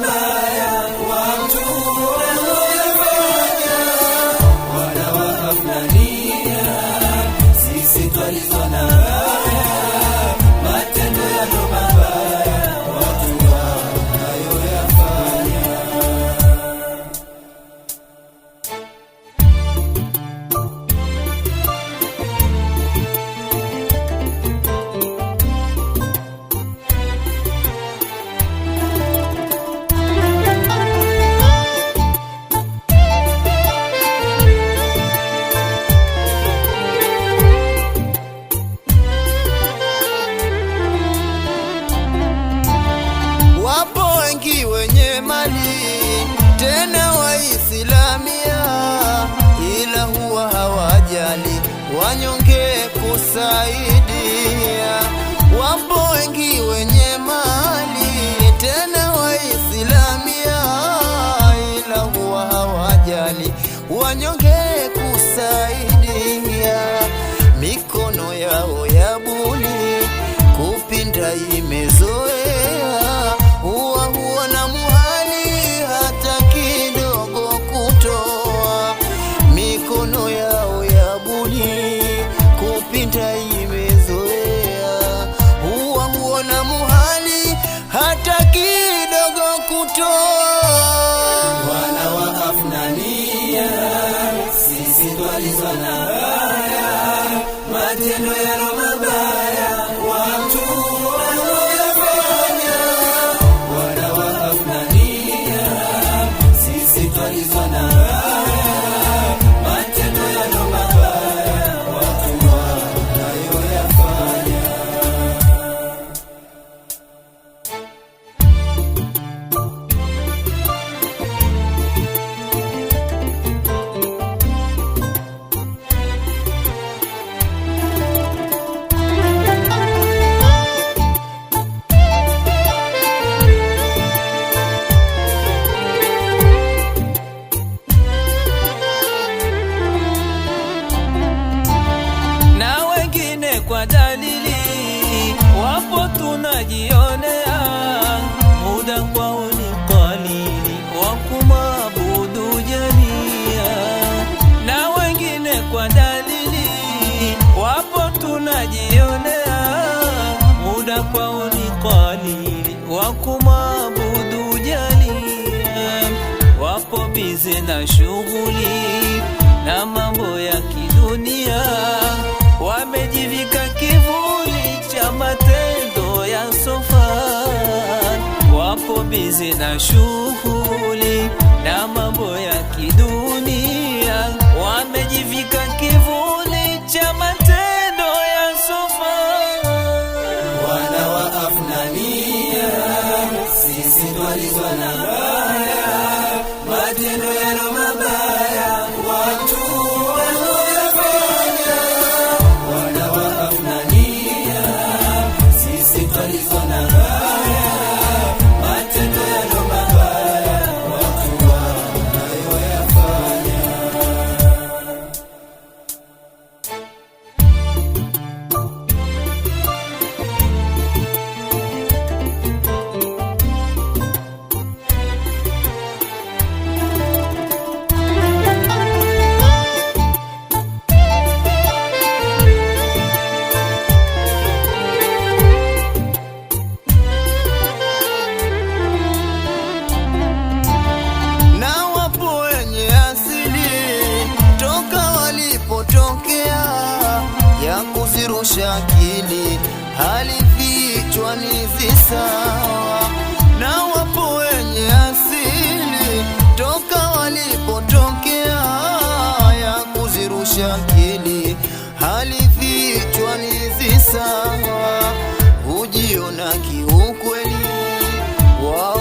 Mama. No. sitwalizwa na haya matendo yano shughuli na mambo ya kidunia, wamejivika kivuli cha matendo ya sofa, wapo bizi na shughuli mwili hali vichwa ni sawa na wapo wenye asili toka walipotokea ya kuzirusha akili, hali vichwa ni sawa, hujiona kiukweli wa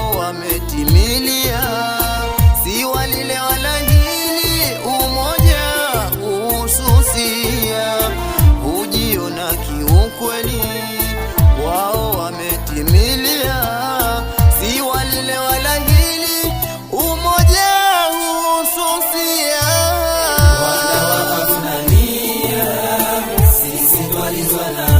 Swali Swala